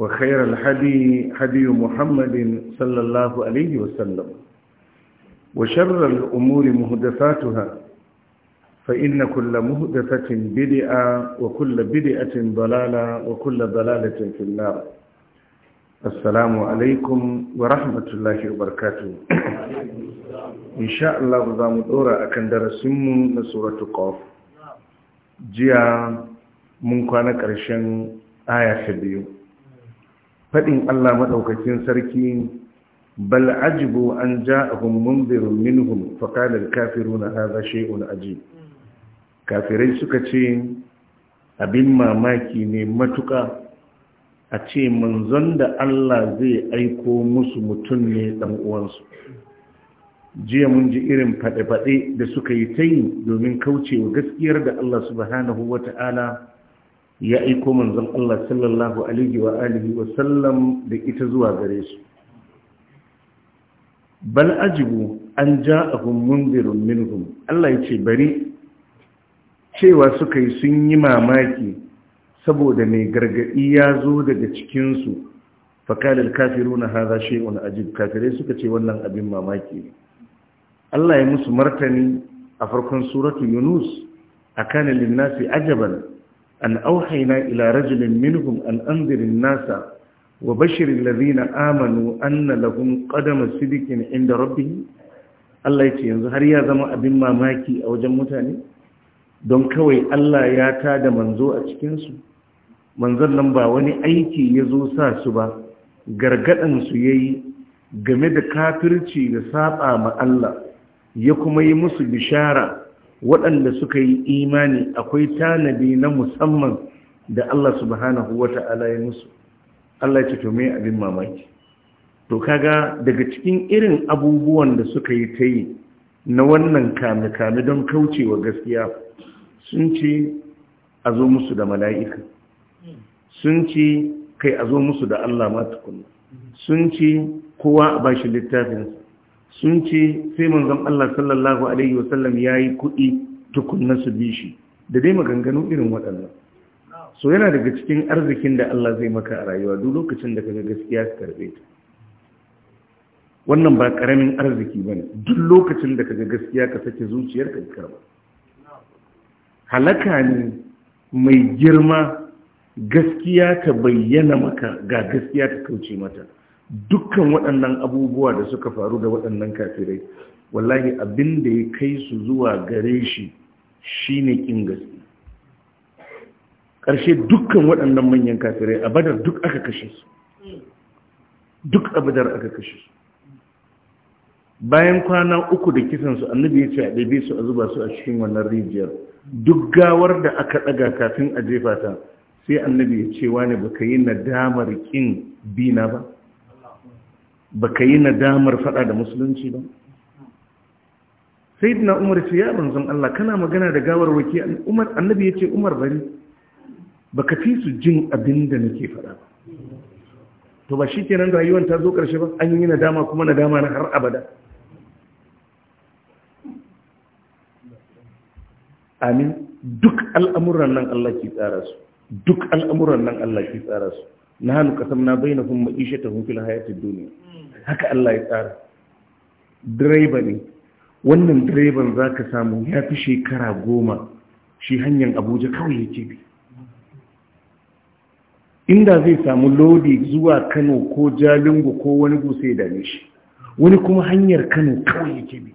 وخير الهدي هدي محمد صلى الله عليه وسلم وشر الأمور مهدفاتها فإن كل مهدفة بدئة وكل بدئة ضلالة وكل ضلالة في النار السلام عليكم ورحمة الله وبركاته إن شاء الله ضام الأورا أكن درسم سورة قاف جيا من كان كرشن آية بيو faɗin Allah maɗaukakin sarki bal ajibu an ja munzirun minhum faqala al-kafiruna hadha shay'un aji. kafirai suka ce abin mamaki ne matuka a ce manzon da Allah zai aiko musu mutum ne dan uwansu jiya mun ji irin faɗe-faɗe da suka yi ta yi domin kaucewa gaskiyar da Allah subhanahu wata'ala ya aiko manzon Allah sallallahu alaihi wa alihi wa sallam da ita zuwa gare su bal ajibu an ja'ahum mundirun minhum Allah yace bari cewa suka yi sun yi mamaki saboda mai gargadi ya zo daga cikin su fakalar kafiruna hadha shay'un ajib kafirai suka ce wannan abin mamaki Allah ya musu martani a farkon suratu Yunus a lin-nasi ajaban ila rajulin minhum an منهم an أنذر nasa wa الذين آمنوا أن لهم قدم sidikin inda ربهم Allah ya yanzu har ya zama abin mamaki a wajen mutane don kawai Allah ya ta da manzo a cikinsu manzon nan ba wani aiki ya zo sa su ba gargadansu ya yi game da kafirci da saba ma Allah ya kuma yi musu bishara waɗanda suka yi imani akwai tanadi na musamman da Allah subhanahu wa ta'ala ya musu Allah ce to me abin mamaki to kaga daga cikin irin abubuwan da suka yi ta yi na wannan kame-kame don kaucewa gaskiya sun ce a zo musu da mala'ika sun ce kai a zo musu da Allah ma sun ce kowa a bashi littafinsa sun ce sai manzan Allah sallallahu alaihi wasallam yi kuɗi tukunan su bi shi da dai maganganu irin waɗannan so yana daga cikin arzikin da Allah zai maka a rayuwa duk lokacin da kaga gaskiya ka karbe ta wannan ba ƙaramin arziki ba ne, duk lokacin da kaga gaskiya ka sake zuciyar ka karba halaka ne mai girma gaskiya ta bayyana maka ga gaskiya ka kauce mata dukkan waɗannan abubuwa da suka faru da waɗannan kafirai wallahi abin da ya kai su zuwa gare shi ne ƙin gaske ƙarshe dukkan waɗannan manyan kafirai a badar duk aka kashe su duk a aka kashe su bayan kwana uku da kisansu annabi ya ce a ɗabi su a zuba su a cikin wannan rijiyar duk gawar da aka ɗaga kafin a jefa ta sai annabi ya ce wani baka yi nadamar ƙin bina ba baka yi nadamar fada da musulunci ba sai na umar ce ya banzan Allah kana magana da gawar waki umar annabi ya ce umar bari baka fi su jin abinda da nake fada ba to ba shi kenan rayuwan ta zo karshe ba an yi nadama kuma nadama na har abada amin duk al'amuran nan Allah ke tsara su duk al'amuran nan Allah ke tsara su nahnu qasamna bainahum ma'ishatahum fil hayatid dunya haka Allah ya tsara direba ne wannan direban zaka samu ya fi shekara goma shi hanyar Abuja kawai yake bi inda zai samu lodi zuwa Kano ko Jalingo ko wani guse da ne shi wani kuma hanyar Kano kawai yake bi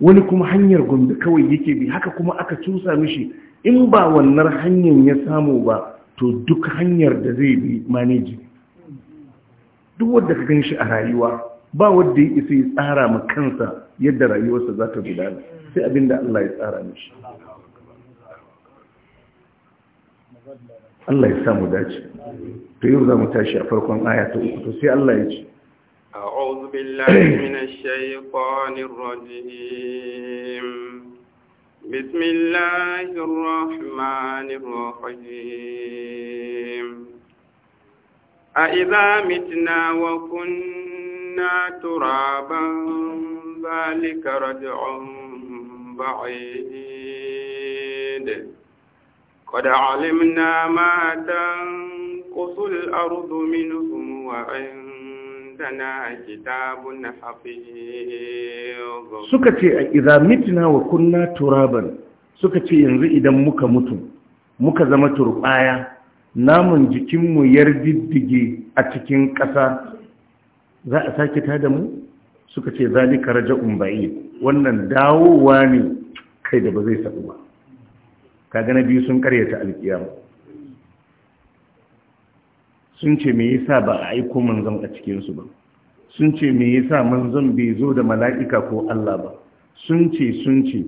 wani kuma hanyar Gombe kawai yake bi haka kuma aka cusa mishi in ba wannan hanyar ya samu ba to duk hanyar da zai bi maneji duk wadda ka gan shi a rayuwa ba wadda ya isa ya tsara ma kansa yadda rayuwarsa za ta gudana sai abin da Allah ya tsara mishi Allah ya samu dace to yau za mu tashi a farkon aya ta uku to sai Allah ya ce a'udhu billahi minash الشيطان rajim بسم الله الرحمن الرحيم أإذا متنا وكنا ترابا ذلك رجع بعيد قد علمنا ما تنقص الأرض منهم وعند suka ce a idza wa kunna turaban suka ce yanzu idan muka mutu muka zama turbaya namun jikinmu diddige a cikin ƙasa za a sake tada mu suka ce za zalika raja umbayi wannan dawowa ne kai da ba zai sabu ba kaga na biyu sun karyata alkiyama sun ce me yasa ba a aiko manzon a cikinsu ba sun ce me yasa manzon bai zo da mala'ika ko Allah ba sun ce sun ce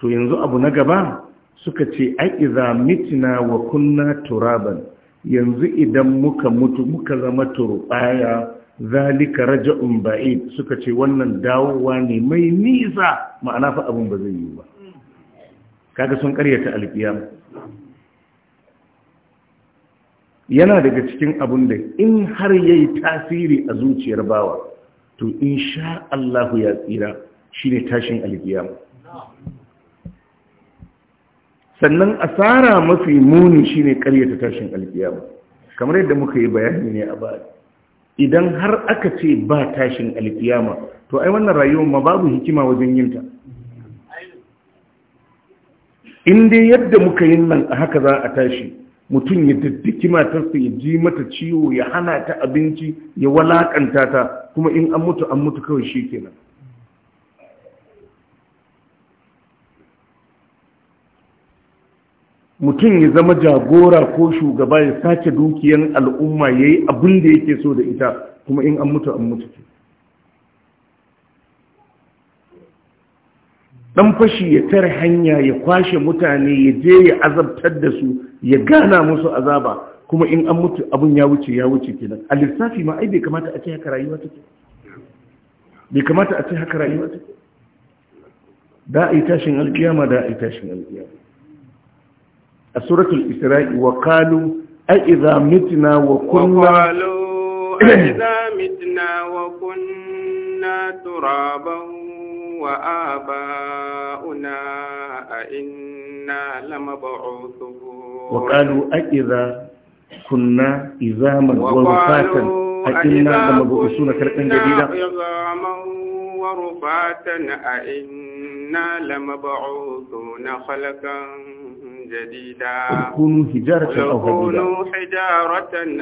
to yanzu abu na gaba suka ce aiza mitina wa kunna turaban yanzu idan muka mutu muka zama turbaya zalika raja ba'id suka ce wannan dawowa ne mai nisa ma'ana fa abun ba zai yi ba kaga sun karyata alkiyama yana daga cikin abun da in har ya yi tasiri a zuciyar bawa to insha allahu ya tsira shine tashin alkiyama sannan asara mafi muni shine karyata tashin alkiyama kamar yadda muka yi bayani ne a baya idan har aka ce ba tashin alkiyama to ai wannan rayuwar ma babu hikima wajen yin ta in dai yadda muka yin nan a haka za a tashi mutum ya daddaki matarsa ya ji mata ciwo ya hana ta abinci ya walakanta ta kuma in an mutu an mutu kawai shi kenan mutum ya zama jagora ko shugaba ya sace dukiyan al'umma ya yi abin da yake so da ita kuma in an mutu an mutu ke dan fashi ya tare hanya ya kwashe mutane ya je ya azabtar da su ya gana musu azaba kuma in an mutu abun ya wuce ya wuce kenan a lissafi ma ai bai kamata a ce haka rayuwa ta ke. bai kamata a ce haka rayuwa ke. da a yi tashin alkiyama da a yi tashin alkiyama a suratul isra'i wa kalu a iza mitina wa kunna wa kunna turaban wa aba'una a inna lamab'uthun وقالوا أئذا كنا إذاما ورفاتا أئنا لمبعوثون خلقا جديدا عظاما ورفاتا أئنا لمبعوثون خلقا جديدا كونوا حجارة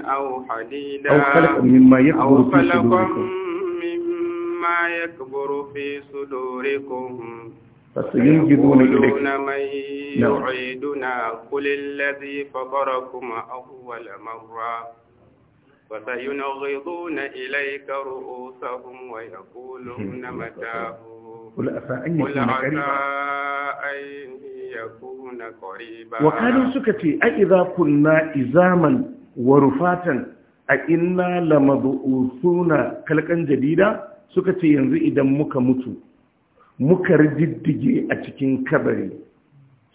أو حديدا حجارة أو حديدا أو خلقا مما يكبر في صدوركم مما يكبر في صدوركم فسينجدون إليك من نعم. يعيدنا قل الذي فطركم أول مرة وسينغضون إليك رؤوسهم ويقولون متاه قل عسى يكون يكون قريبا وقالوا سكتي أئذا كنا إزاما ورفاتا أئنا لمضؤوسون خلقا جديدا سكتي ينزئ دمك متو muka rijiddige a cikin kabari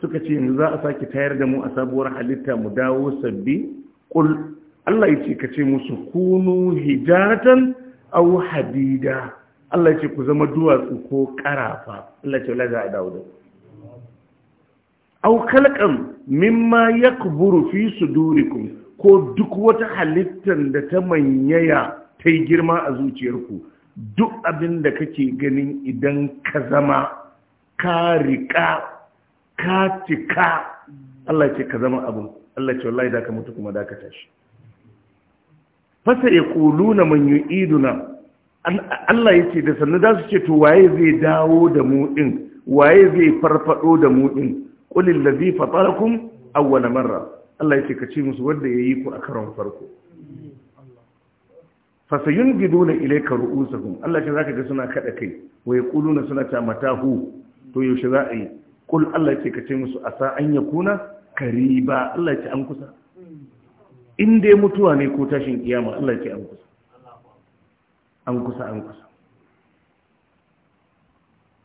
suka ce yanzu za a sake tayar da mu a sabuwar halitta mu dawo sabbi kul Allah ya ce ka ce musu kunu hijatan aw hadida Allah ya ce ku zama duwatsu ko karafa Allah ya ce la za a dawo da aw khalqan mimma yakburu fi sudurikum ko duk wata halittar da ta manyaya ta yi girma a zuciyarku duk abin da kake ganin idan ka zama ka riƙa ka cika Allah ce ka zama abin Allah ce wallahi da ka mutu kuma da ka tashi fasa ya ƙulu na iduna Allah ya ce da sannu za su ce to waye zai dawo da mu din waye zai farfado da mu din ƙulin ladhi fatarakum awwala marra Allah ya ce ka musu wanda ya yi ku a karon farko fasayun na ilaika ru'usahum Allah ce zaka ga suna kada kai wai wa yaquluna suna ta matahu to yaushe za a yi kul Allah ce ka ce musu asa an yakuna kariba Allah ce an kusa in dai mutuwa ne ko tashin kiyama Allah ce an kusa an kusa an kusa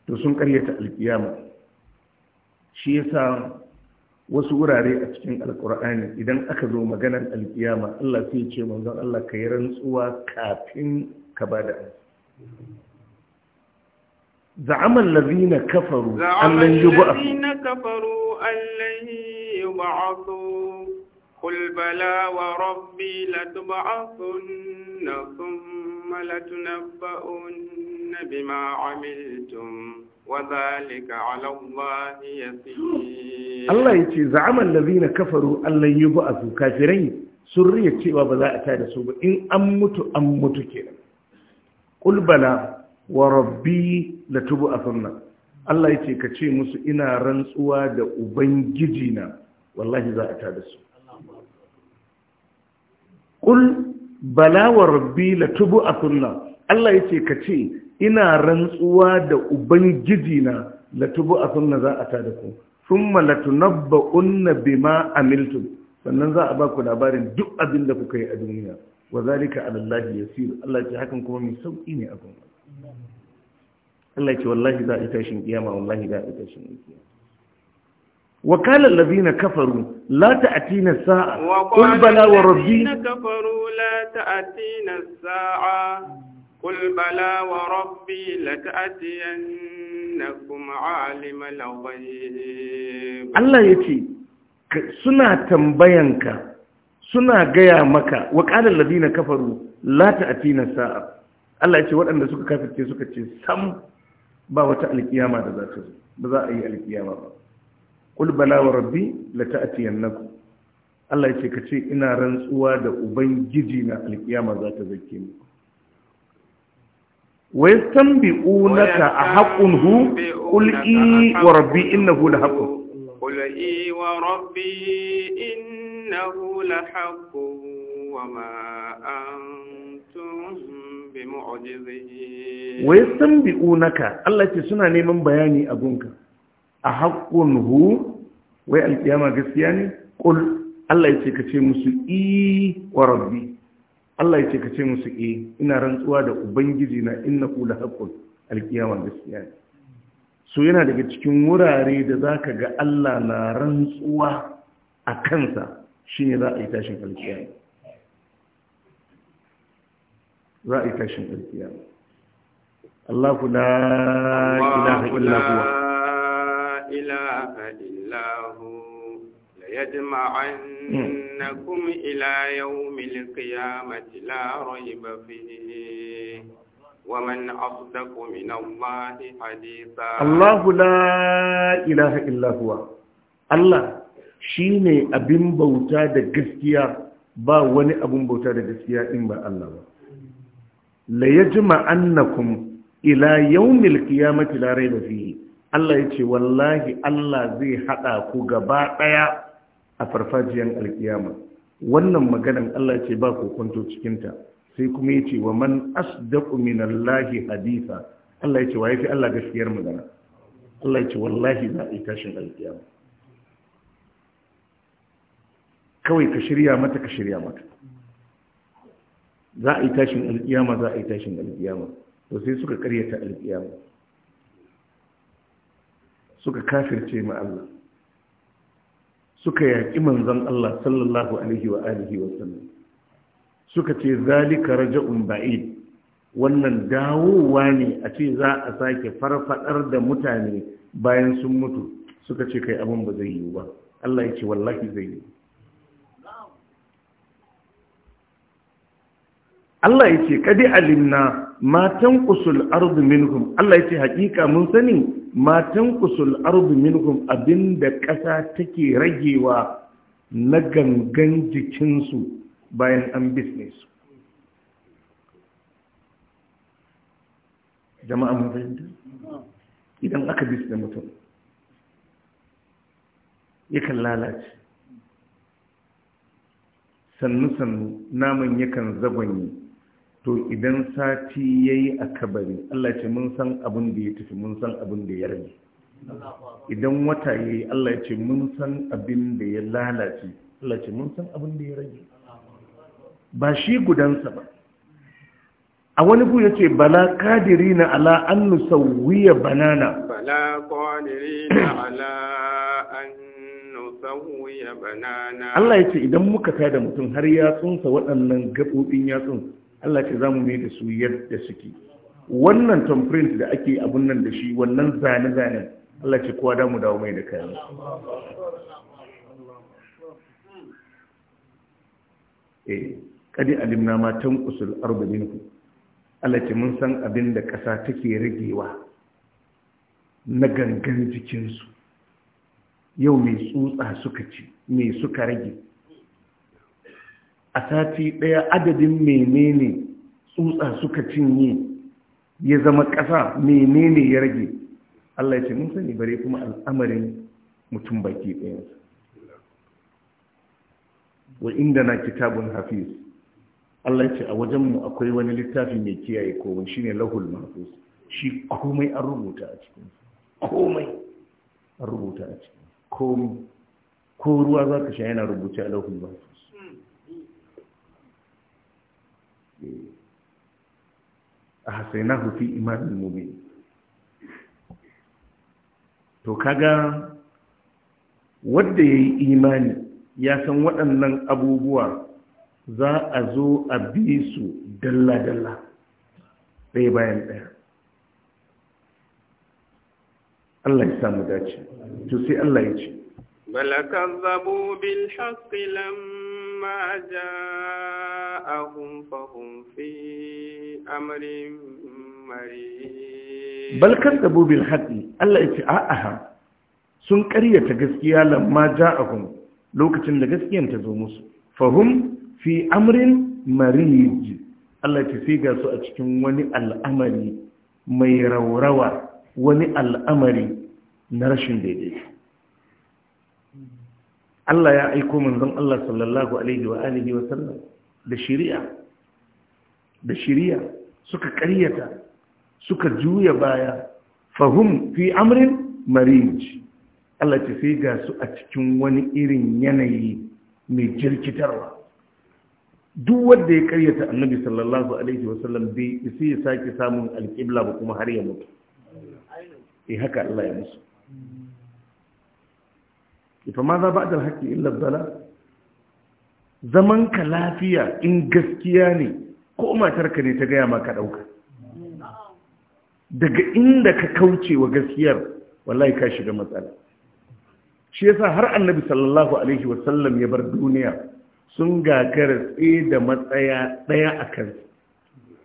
to sun karyata alkiyama shi yasa wasu wurare a cikin alkur'ani idan aka zo maganar alkiyama Allah sai ce manzon Allah ka yi rantsuwa kafin ka ba da za'amal lazina kafaru allan yub'a lazina kafaru allan yub'athu rabbi latub'athunna thumma latunabba'unna bima Allah ya ce za'aman lazina kafaru Allah yi ba a su kafirai sun riya cewa ba za a tada su ba in an mutu an mutu ke. kulbala wa rabbi la tubu afanna Allah ya ce ka ce musu ina rantsuwa da ubangiji na wallahi za a tada su kul bala wa rabbi la tubu afanna Allah ya ce ka ce ina rantsuwa da ubangiji na la tubu afanna za a tada ku thumma latunabba'unna bima amiltum sannan za a ba ku labarin duk abin da kuka yi a duniya wa zalika ala Allah yasir Allah ce hakan kuma mai sauki ne a gun Allah ce wallahi za a tashin kiyama wallahi za a tashin kiyama وقال الذين كفروا لا تأتينا الساعة قل بلى وربي كفروا لا تأتينا الساعة قل بلى وربي لتأتين Allah ya ce, Allah suna tambayanka suna gaya maka wa qala alladhina kafaru a fina sa'a Allah ya ce waɗanda suka kafirce suka ce sam ba wata alkiyama da za ta zo ba za a yi alkiyama ba qul bala wa rabbi la ta'tiyannakum Allah ya ce ka ce ina rantsuwa da ubangiji na alkiyama za ta zake muku wai san bi unaka a haƙun hu ƙul'i wa rabbi innahu la haƙun ƙul'i wai san bi unaka Allah ce suna neman bayani a gunka a haƙun hu wai alƙiyama gaskiya ne ƙul Allah ce ka ce musu i wa Allah ya ce ka ce musu eh ina rantsuwa da ubangiji na innahu la haqqun alqiyama gaskiya ne so yana daga cikin wurare da zaka ga Allah na rantsuwa a kansa shine za a yi tashin alƙiyawa. za a yi tashin alƙiyawa. Allah la ilaha illa huwa ilaha illa huwa ليجمعنكم إلى يوم القيامة لا ريب فيه ومن أصدق من الله حديثا الله لا إله إلا هو الله shine abin bauta da gaskiya ba wani abin bauta da gaskiya in ba Allah ba la yajma annakum ila yawmil qiyamati la rayba fihi Allah yace wallahi Allah zai hada ku gaba daya a farfajiyar alkiyama wannan maganan Allah ce ba ku kwanto cikinta sai kuma ya ce wa man asdaqu minallahi haditha Allah ya ce wa yafi Allah gaskiyar magana Allah ya ce wallahi za a yi tashin alkiyama kawai ka shirya mata ka shirya mata za a yi tashin alkiyama za a yi tashin alkiyama to sai suka karyata alkiyama suka kafirce ma Allah suka yaƙi manzon Allah sallallahu alaihi wa alihi wa suka ce zalika raja'un ba'id wannan dawowa ne a ce za a sake farfadar da mutane bayan sun mutu suka ce kai abin ba zai yiwu ba Allah ya ce wallahi zai yi. Allah ya ce kadi alimna matan kusul ardu minhum Allah ya ce hakika mun sani matan kusul ardu minhum abinda ƙasa take ragewa na gangan jikinsu bayan an business su jama'a mun fahimta idan aka bisne mutum yakan lalace sannu-sannu naman yakan zagonye to idan sati ya yi a kabari Allah ce mun san abin da ya tafi mun san abin da ya rage idan wata ya yi Allah ce mun san abin da ya lalace Allah ce mun san abin da ya rage ba shi gudansa ba a wani bu ya ce bala kadiri na ala an nusawiya banana bala kadiri na ala an nusawiya banana Allah ya ce idan muka tada mutum har yatsunsa waɗannan gaɓoɓin yatsunsa Allah ce zamu mai da su yadda suke wannan thumbprint da ake abun nan da shi wannan zane zane Allah ce kowa damu dawo mai da kayan eh kadi alimna ma tanqusul ardu ku Allah ce mun san abin da ƙasa take ragewa na gangan jikinsu yau mai tsutsa suka ci mai suka rage a sati ɗaya adadin menene tsutsa suka cinye ya zama ƙasa menene ya rage Allah ya ce mun sani bare kuma al'amarin mutum baki ɗayansa wa inda na kitabun hafiz Allah ya ce a wajenmu akwai wani littafi mai kiyaye komai shine lahul mahfuz shi komai an rubuta a cikin komai an rubuta a cikin komai ko ruwa za ka sha yana rubuta a lahul mahfuz Eh, a hasainahu fi imanin mumin to kaga wadda ya yi imani ya san waɗannan abubuwa za a zo a bi su dalla-dalla ɗaya bayan ɗaya Allah ya samu dace to sai Allah ya ce balakazabu bil haqqi lam ما جاءهم فهم في أمر مريض بل كذبوا بالحق الله يتعاءها sun karyata gaskiya lamma ja'ahum lokacin da gaskiyan ta zo musu fahum fi amrin Allah ya tafi ga su a cikin wani al'amari mai raurawa wani al'amari na rashin daidai Allah ya aiko manzon Allah sallallahu alaihi wa alihi wa sallam da shari'a da shari'a suka ƙaryata suka juya baya fahum fi amrin marij Allah ta sai ga su a cikin wani irin yanayi mai jirkitarwa duk wanda ya ƙaryata annabi sallallahu alaihi wa sallam bai sai ya sake samun alƙibla ba kuma har ya mutu eh haka Allah ya musu fa ma za ba da haƙƙi illa bala zaman ka lafiya in gaskiya ne ko matarka ne ta gaya maka ɗauka daga inda ka kauce wa gaskiyar wallahi ka shiga matsala shi yasa har annabi sallallahu alaihi wasallam ya bar duniya sun gagara tsaye da matsaya ɗaya a kan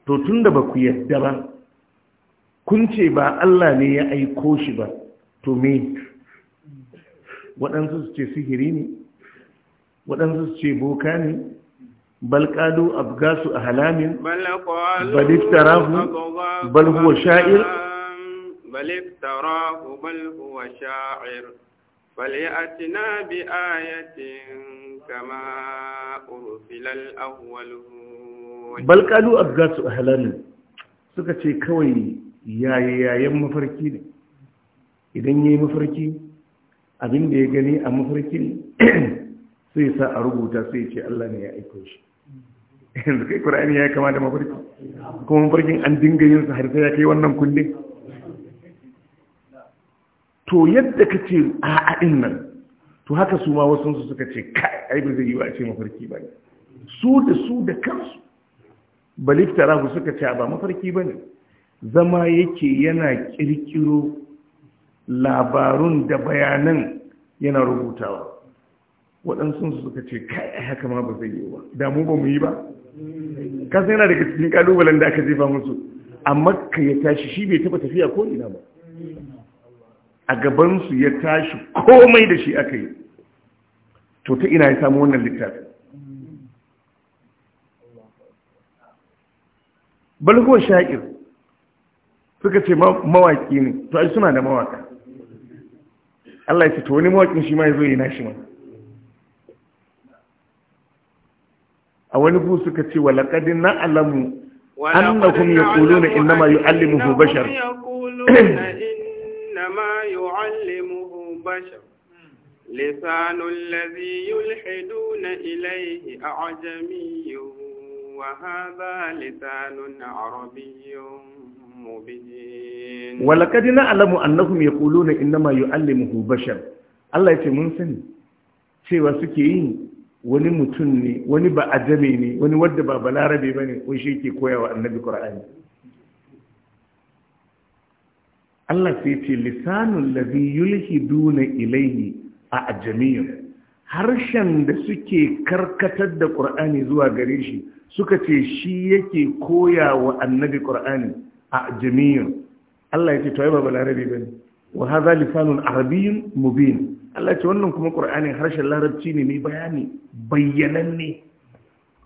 to tun da ba ku yadda ba kun ce ba Allah ne ya aiko shi ba to me waɗansu su ce sihiri ne waɗansu su ce boka ne bal qalu abgasu a halamin. iftarahu bal huwa sha'ir bal iftarahu bal huwa sha'ir فليأتنا بآية كما أرسل الأولون بل قالوا أبغاس أهلان suka ce kawai yayayen mafarki ne idan yayi mafarki abin da ya gani a mafarkin sai sa a rubuta sai ce Allah ne ya aiko shi yanzu kai ƙura'ani ya kama da mafarki kuma mafarkin an dinga yin sa har sai ya kai wannan kunne? to yadda ka ce a'a haɗin nan to haka su ma wasu su suka ce kai ai ba zai yi wa a ce mafarki ba su da su da kansu balifta rahu suka ce ba mafarki ba ne zama yake yana kirkiro labarun da bayanan yana rubutawa waɗansu suka ce kai a haka ma ba zai yi ba damu ba mu yi ba kasa yana da cikin ƙalubalen da aka jefa musu amma ka ya tashi shi bai taba tafiya ko ina ba a gabansu ya tashi komai da shi aka yi to ta ina ya samu wannan littafi balgo sha'ir suka ce mawaki ne to ai suna da mawaka Allah ya ce to wani mawaƙin shi ma ya zo yi nashi ma a wani bu suka ce wa laqad na'lamu annahum yaquluna innama yu'allimuhu bashar innama yu'allimuhu bashar لسان الذي يلحدون إليه أعجمي وهذا لسان عربي مبين na نعلم أنهم يقولون إنما يعلمه Allah ya ce mun sani cewa suke yi wani mutum ne wani ba ne wani wadda ba balarabe ba ne kun shi ke koyawa annabi ƙura'ani Allah sai ce lisanun lazi yulhi duna ilaihi a ajamiyun harshen da suke karkatar da ƙur'ani zuwa gare shi suka ce shi yake koya wa annabi ƙur'ani A jami'in. Allah ya ce to ai ba balarabe bane wa hadha lisanun arabiyyun mubin Allah ce wannan kuma ƙur'ani harshen larabci ne mai bayani bayyananne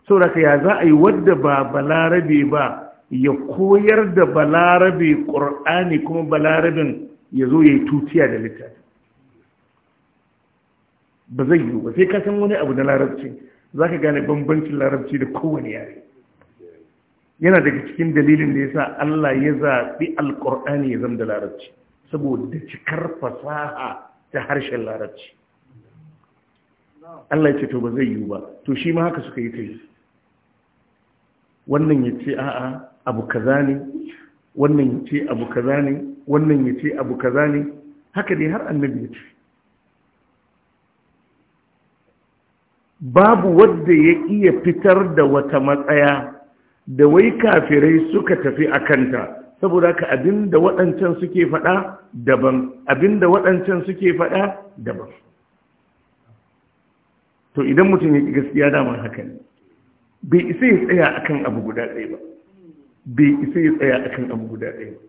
saboda ya za a yi wadda ba balarabe ba ya koyar da balarabe Ƙur'ani kuma balarabin ya zo ya yi tutiya da littafi ba zai yi ba sai ka san wani abu na larabci za ka gane bambancin larabci da kowane yare yana daga cikin dalilin da yasa Allah ya zaɓi alƙur'ani ya zama da larabci saboda cikar fasaha ta harshen larabci Allah ya ce to ba zai yiwu ba to shi ma haka suka yi ta yi wannan ya ce a'a abu kaza ne wannan ya ce abu kaza ne wannan ya ce abu kaza ne haka dai har annabi ya ce babu wadda ya iya fitar da wata matsaya da wai kafirai suka tafi a kanta saboda ka abinda waɗancan suke faɗa daban abinda waɗancan suke faɗa daban to idan mutum ya gaskiya dama haka ne bai isa ya tsaya akan abu guda ɗaya ba bai isa ya tsaya akan abu guda ɗaya ba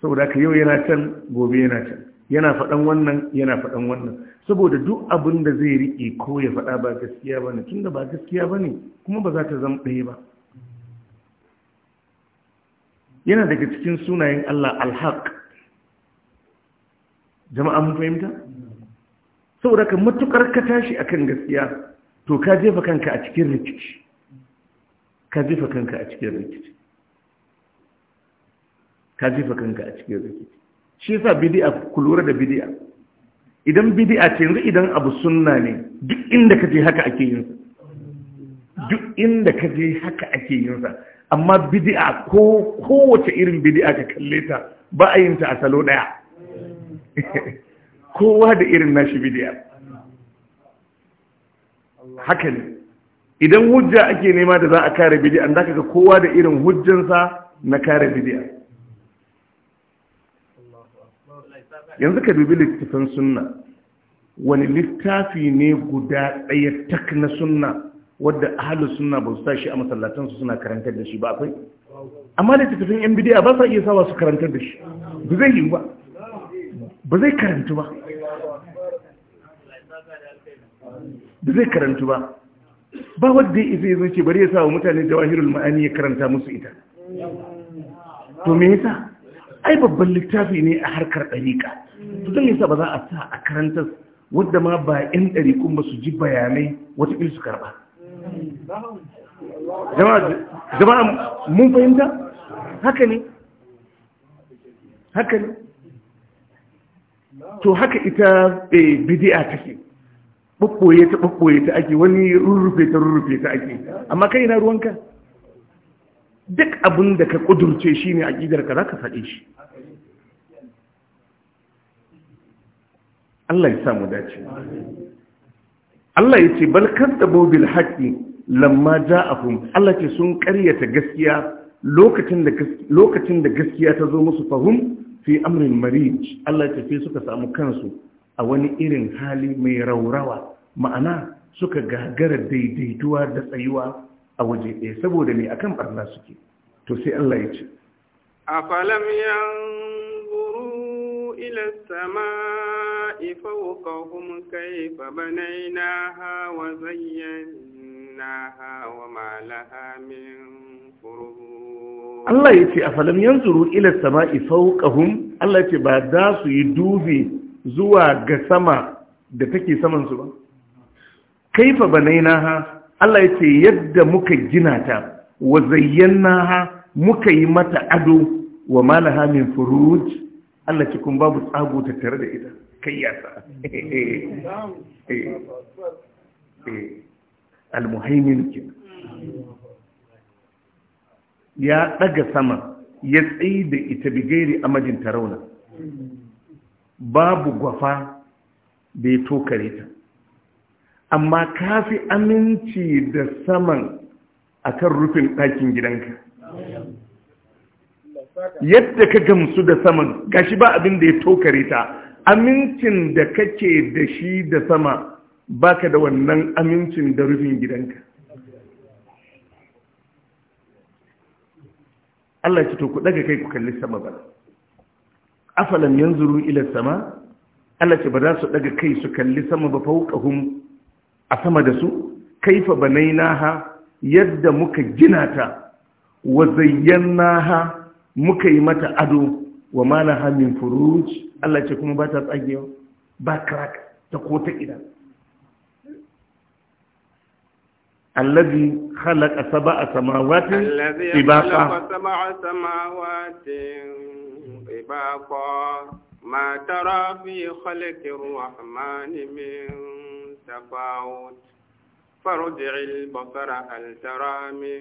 saboda ka yau yana can gobe yana can yana faɗan wannan yana faɗan wannan saboda duk abin da zai riƙe ko ya faɗa ba gaskiya ba ne tunda ba gaskiya ba ne kuma ba za ta zama ɗaya ba yana daga cikin sunayen Allah alhaq jama'a mun fahimta saboda ka matukar ka tashi akan gaskiya to ka jefa kanka a cikin rikici ka jefa kanka a cikin rikici ka jefa kanka a cikin rikici shi yasa bid'a ku lura da bid'a idan bid'a ce yanzu idan abu sunna ne duk inda kaje haka ake yin sa duk inda kaje haka ake yin sa amma bidi'a ko kowace irin bidi'a ka kalle ta ba a yin ta a salo daya kowa da irin nashi bidi'a haka ne idan hujja ake nema da za a kare bidi'a da ga kowa da irin hujjansa na kare bidi'a yanzu ka dubi littafin sunna wani littafi ne guda ɗaya tak na sunna wadda ahalus suna ba su tashi a masallatansu suna karantar da shi ba akwai amma da tattafin yan bidiya ba sa iya sawa su karantar da shi ba zai yi ba ba zai karantu ba ba zai karantu ba ba wadda ya isa ya zo ce bari ya sawa mutane jawahirul ma'ani ya karanta musu ita to me yasa ai babban littafi ne a harkar ɗariƙa don yasa ba za a sa a karantar wadda ma ba 'yan ɗariƙun ba su ji bayanai wata su karɓa jama'a mun fahimta haka ne haka ne to haka ita eh, bidi'a take ɓaɓɓoye ta ɓaɓɓoye ta ake wani rurrufe ta rurrufe ta ake amma kai na ruwanka duk abin da ka ƙudurce shi ne a ka, za ka faɗe shi Allah ya samu dace Allah ya ce bal da bil haqqi lamma ja'ahum Allah ce sun karyata gaskiya lokacin da gaskiya ta zo musu fahum fi amrin marij Allah ya ce suka samu kansu a wani irin hali mai raurawa ma'ana suka gagara daidaituwa da tsayuwa a waje ɗaya saboda ne akan barna suke to sai Allah ya ce afalam yanzuru ila samaa السماء فوقهم كيف بنيناها وزيناها وما لها من فروج الله يتي أفلم ينظروا إلى السماء فوقهم الله يتي بعد ذا سيدوبي زوا قسما da take samansu ba kaifa banainaha Allah ya ce yadda muka gina ta wa zayyanaha muka yi mata ado wa malaha min furuj Allah ce kun babu tsago ta tare da ita kai eh. eh. ya ɗaga sama ya tsaye da ita bigairi majinta tarauna babu gwafa da ya tokare ta amma ka fi aminci da saman akan rufin ɗakin gidanka yadda ka gamsu da saman gashi ba abin da ya tokare ta amincin da kake da shi da sama baka da wannan amincin da rufin gidanka Allah ce to ku daga kai ku kalli sama ba afalam yanzuru ila sama Allah ce ba za su daga kai su kalli sama ba fawqahum a sama da su kaifa banainaha yadda muka gina ta wa zayyanaha muka yi mata ado wa malaha min furuj Allah ce kuma ba ta tsagewa ba crack ta ko ta ina الذي خلق سبع سماوات طباقا ما ترى في خلق الرحمن من تفاوت فارجع البصر هل ترى من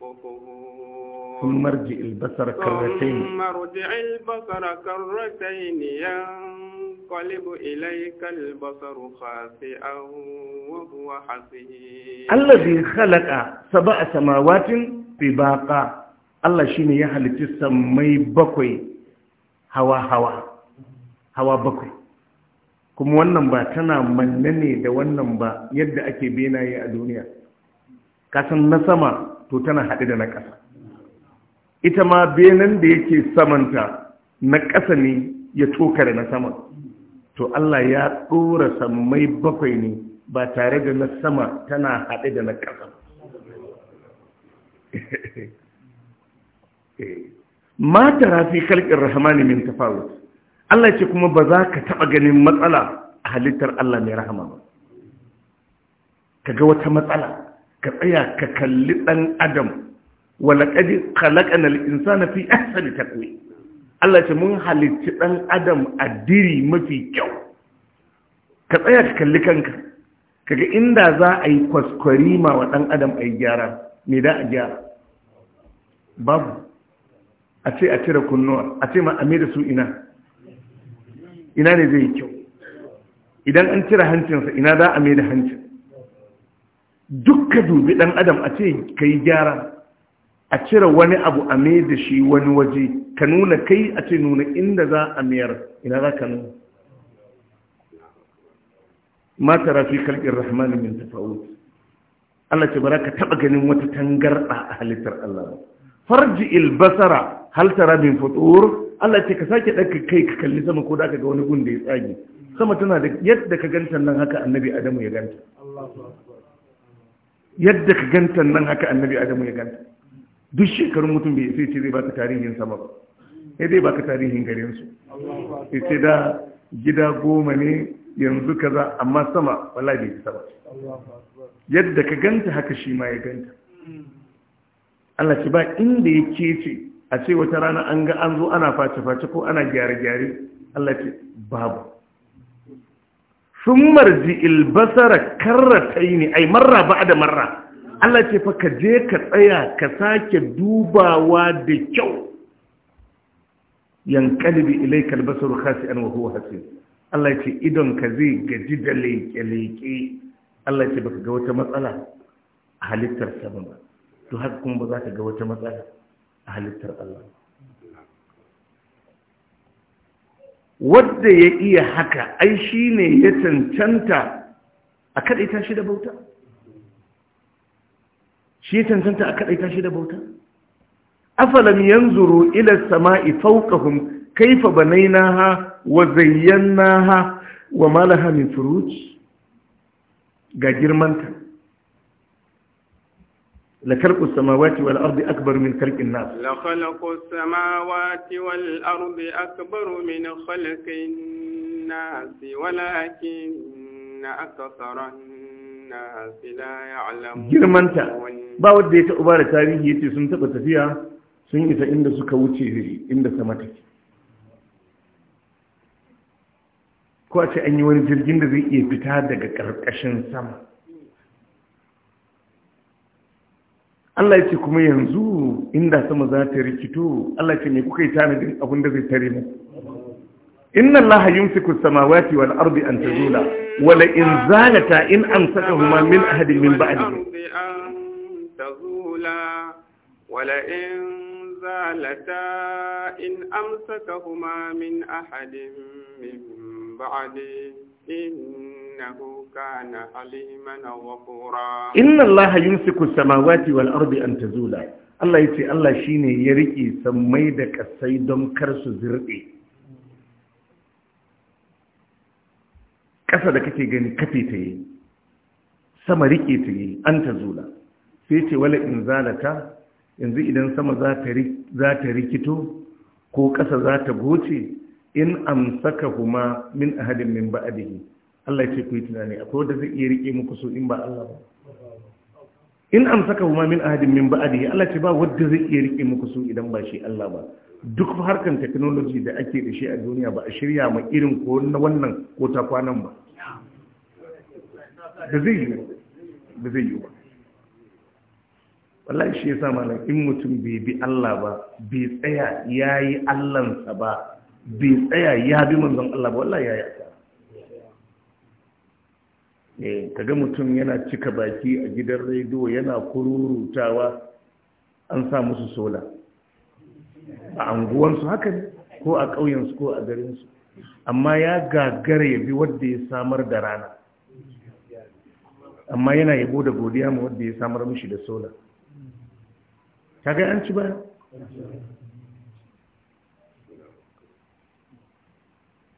فطور ثم ارجع البصر كرتين ثم ارجع البصر كرتين ينقلب إليك البصر خاسئا وهو حسير الذي خلق سبع سماوات طباقا الله shi ne ya تسمي بكوي هوا هوا hawa بكوي kuma wannan ba tana manne ne da wannan ba yadda ake benaye a duniya kasan na sama to tana haɗe da na ƙasa ita ma benan da yake samanta na ƙasa ne ya da na sama to Allah ya ɗora sammai bakwai ne ba tare da na sama tana haɗe da na ƙasa eh. mata rafi kalƙin ne min tafawut Allah ce kuma ba za ka taɓa ganin matsala a halittar Allah mai rahama ba ka ga wata matsala ka tsaya ka kalli ɗan adam walaƙadi kalaƙan al'insa na fi ahsani taƙwi Allah ce mun halitti ɗan adam a diri mafi kyau ka tsaya ka kalli kanka kaga inda za a yi kwaskwarima wa ɗan adam a yi gyara me da a gyara babu a ce a cire kunnuwa a ce ma a da su ina ina ne zai yi kyau idan an cire hancinsa ina za a mai da hancin dukka dubi dan adam a ce ka yi gyara a cire wani abu a mai da shi wani waje ka nuna kai a ce nuna inda za a mayar ina za ka nuna mata rafi kalbin rahmanin min tafawut Allah ce bara ka taba ganin wata tangarda a halittar Allah ba farji ilbasara hal tara min futur Allah ce ka sake ɗaga kai ka kalli sama ko da aka ga wani gun da ya tsage sama tana da yadda ka ganta nan haka annabi adamu ya ganta yadda ka ganta nan haka annabi adamu ya ganta duk shekarun mutum bai sai ce zai baka tarihin sama ba sai zai baka tarihin su sai ce da gida goma ne yanzu kaza amma sama wallahi bai isa ba yadda ka ganta haka shi ma ya ganta Allah ce ba inda ya ce. a ce wata rana an ga an zo ana face-face ko ana gyare-gyare Allah ce babu sun marji ilbasara karratai ne ai marra ba da marra Allah ce fa ka je ka tsaya ka sake dubawa da kyau yankalibi ilai kalbasaru hasi an wahuwa hasi Allah ce idon ka zai gaji da leƙe-leƙe Allah ce baka ga wata matsala a halittar sama ba to haka kuma ba za ka ga wata matsala a halittar Allah wadda ya iya haka ai shi ne ya cancanta a kaɗaita shi da bauta shi ya cancanta a kaɗaita shi da bauta afalam yanzuru ila sama'i kaifa banaina ha, wa ha, wa ma laha min furuj ga girmanta لخلق السماوات والأرض أكبر من خلق الناس لخلق السماوات والأرض أكبر من خلق الناس ولكن أكثر الناس لا يعلمون جرمانتا باود ديتا أبارة تاريخي يتي سنتقى تفيا سنئة إند سكوتي إند سمتك ko a ce an yi wani jirgin da zai iya fita daga ƙarƙashin sama Allah ya ce kuma yanzu inda sama za ta rikito Allah ce me kuka yi tanadin abin da zai tare mu inna Allah yumsiku samawati wal ardi an ta-zula, wala in zalata in amsakahuma min ahadin min ba'dihi ولا إن زالتا إن أمسكهما إنه كان عليما غفورا إن الله يمسك السماوات والأرض أن تزولا Allah ya ce Allah shi ne ya rike sammai da ƙasai don kar su zirɗe. Ƙasa da kake gani kafe ta yi, sama rike ta yi, an ta zula. Sai ce wala in zalata, yanzu idan sama za ta rikito ko ƙasa za ta goce in amsaka huma min ahadin min ba'adihi. Allah ce ku yi tunani akwai wanda zai iya rike muku so in ba Allah ba in amsaka huma min ahadin min ba'dihi Allah ce ba wanda zai iya rike muku so idan ba shi Allah ba duk harkan technology da ake da shi a duniya ba a shirya ma irin ko na wannan ko ta kwanan ba da zai yi da zai yi ba wallahi shi yasa malam in mutum bai bi Allah ba bai tsaya yayi Allahnsa ba bai tsaya ya bi manzon Allah ba wallahi yayi Eh, ga mutum yana cika baki a gidan rediyo yana kururutawa an sa musu sola a anguwansu haka ne ko a ƙauyensu ko a garinsu amma ya gagara ya bi wadda ya samar da rana amma yana yabo da godiya ma wadda ya samar mishi da sola Ta an ci ba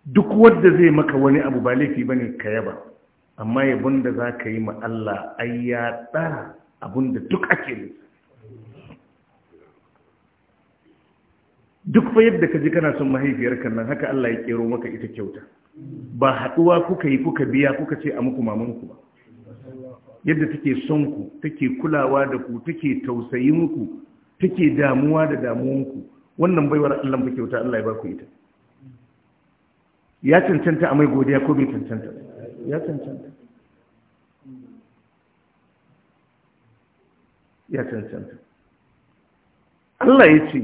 duk wadda zai maka wani abu ba laifi bane ka yaba amma yabon da za ka yi ma Allah ai ya tsara abin da duk ake nufi duk fa yadda ka ji kana son mahaifiyarka nan haka Allah ya kero maka ita kyauta ba haɗuwa kuka yi kuka biya kuka ce a muku mamanku ba yadda take son ku take kulawa da ku take tausayin ku take damuwa da damuwanku wannan baiwar Allah ba kyauta Allah ya ba ku ita ya cancanta a mai godiya ko bai cancanta ba ya cancanta ya cancanta Allah ya ce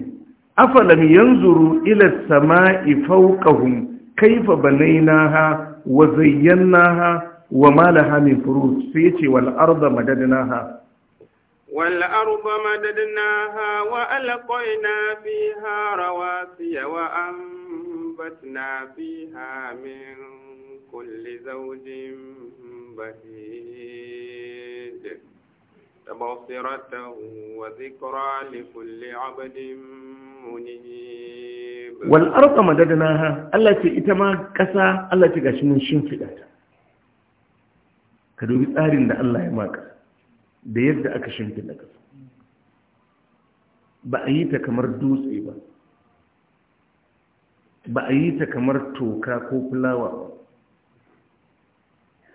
afalam yanzuru ila sama'i fawqahum kaifa banaynaha wa zayyanaha wa ma laha min furuj sai ce wal arda madadnaha wa alqayna fiha rawasiya wa anbatna fiha min كل زوج بهيد تبصرة وذكرى لكل عبد منيب والأرض مددناها التي إتما كسا التي قشمون شنفدتها ka dubi tsarin da Allah ya maka da yadda aka shimfida ƙasa ba a yi ta kamar dutse ba ba a yi ta kamar toka ko fulawa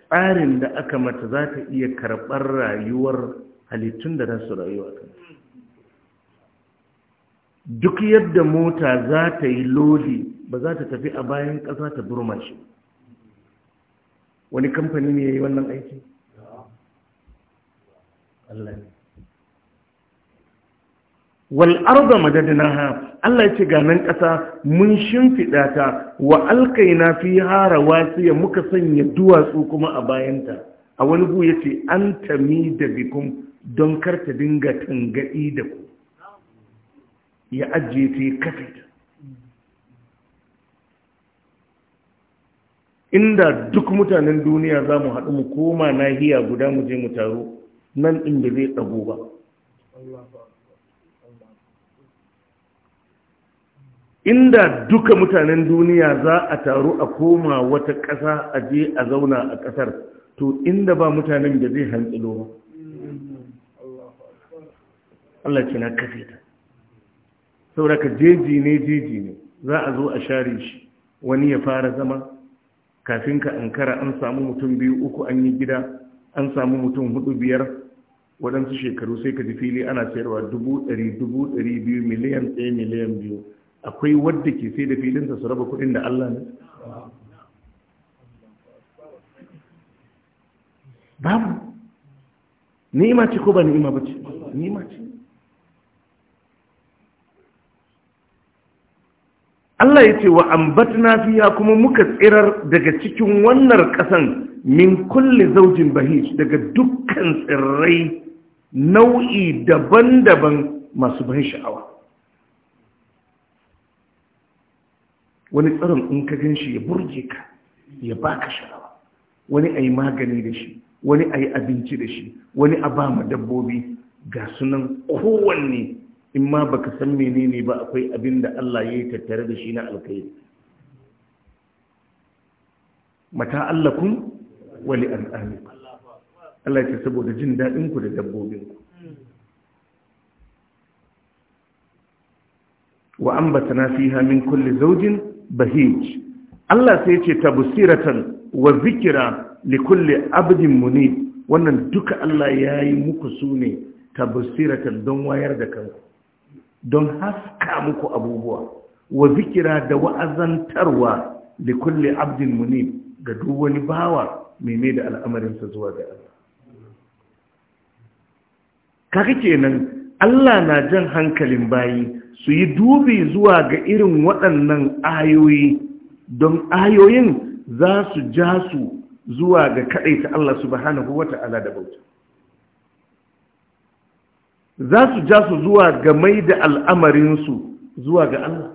tsarin da aka mata za ta iya karɓar rayuwar halittun da nasu su rayuwa kan duk yadda mota za ta yi lodi ba za ta tafi a bayan ƙasa ta burma shi wani kamfani ne ya yi wannan aiki? Allah ne wal arda madadnaha Allah ya ce ga ƙasa mun shimfiɗa ta wa alkaina harawa, ya muka sanya duwatsu kuma a bayanta a wani bu yace an tami da bikum don karta dinga tangadi da ku ya ajiye ta yi inda duk mutanen duniya za mu haɗu mu koma nahiya guda mu je mu taro nan inda zai ɗago ba inda duka mutanen duniya za a taru a koma wata ƙasa a je a zauna a ƙasar to inda ba mutanen da zai hantsilo ba Allah ce na kafe ta sauraka jeji ne jeji ne za a zo a share shi wani ya fara zama kafin ka ankara an samu mutum biyu uku an yi gida an samu mutum hudu biyar waɗansu shekaru sai ka ji fili ana sayarwa dubu ɗari dubu ɗari biyu miliyan ɗaya miliyan biyu akwai wadda ke sai da filinsa su raba kudin da Allah ne babu ni'ima ce ko ba ni'ima ba ce ni'ima ce Allah ya ce wa ambatna fiya kuma muka tsirar daga cikin wannan kasan, min kulle zaujin bahij daga dukkan tsirrai nau'i daban-daban masu ban sha'awa wani tsirin in ka gan shi ya burge ka ya baka sha'awa wani a yi magani da shi wani a yi abinci da shi wani a ba ma dabbobi ga sunan kowanne in ma baka san menene ba akwai abin da Allah ya yi tattare da shi na alkhairi mata allakun wali al'ami Allah ce saboda jin daɗinku da dabbobinku wa an bata na fi hamin kulle zaujin bahij Allah sai ce tabsiratan wa zikira likulli abdin munib wannan duka Allah ya yi muku sune ne tabsiratan don wayar da kanku don haska muku abubuwa wa zikira da wa'azantarwa likulli abdin munib ga duk wani bawa mai mai da al'amarinsa zuwa ga Allah kaka kenan Allah na jan hankalin bayi su yi dubi zuwa ga irin waɗannan ayoyi don ayoyin za su ja su zuwa ga kaɗai ta Allah subhanahu wa ta'ala da bauta. Za su ja su zuwa ga mai da al'amarinsu zuwa ga Allah.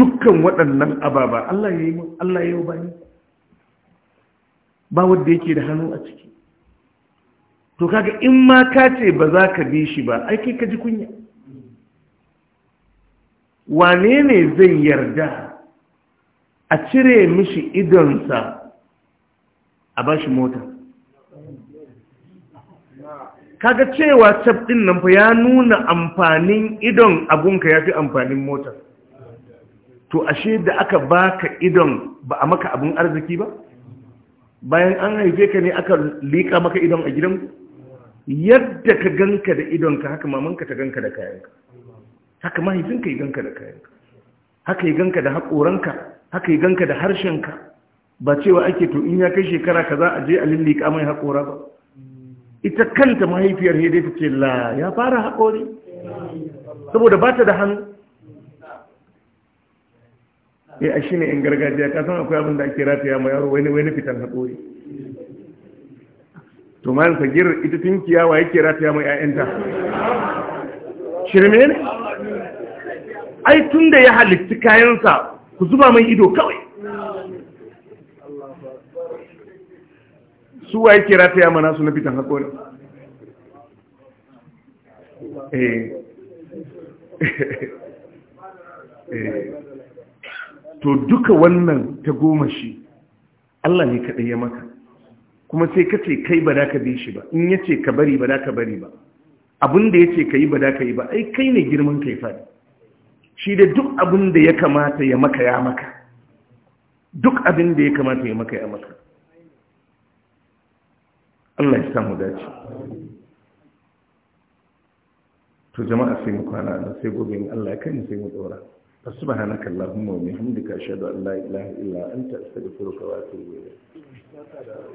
Dukkan waɗannan ababa Allah ya yi bayi ba wadda yake da hannu a ciki. to kaga in ma ka ce ba za ka bi shi ba aiki ka ji kunya wane ne zai yarda a cire mishi idonsa a ba shi mota kaga cewa cap ɗin nan fa ya nuna amfanin idon abunka ya fi amfanin mota to ashe da aka baka idon ba a maka abun arziki ba bayan an haife ka ne aka liƙa maka idon a gidanku yadda ka ganka da idonka haka mamanka ta ganka da kayanka haka mahaifinka yi ganka da kayanka haka yi ganka da haƙoranka haka yi ganka da harshenka ba cewa ake to in ya kai shekara ka za a je a lillika mai haƙora ba ita kanta mahaifiyar hede ta ce la ya fara haƙori saboda ba ta da hannu ya eh, a shi ne in gargajiya kasan akwai abin da ake rataya ma yaro wani wani fitan haƙori to malam gir ita tinkiya wa yake rataya mai ƴaƴanta shirme ne ai tun da ya halitta kayansa ku zuba mai ido kawai su wa yake rataya mana su na fitan haƙori eh. Eh. to duka wannan ta goma shi Allah ne kaɗai ya maka kuma sai ka ce kai ba da ka bi shi ba in ya ce ka bari ba da ka bari ba abin da ya ce ka yi ba da ka yi ba ai kai ne girman kai faɗi shi da duk abin da ya kamata ya maka ya maka duk abin da ya kamata ya maka ya maka Allah ya samu dace to jama'a sai mu kwana da sai gobe in Allah ya kai sai mu dora subhanaka اللهم وبحمدك اشهد ان لا اله ilaha انت استغفرك واتوب wa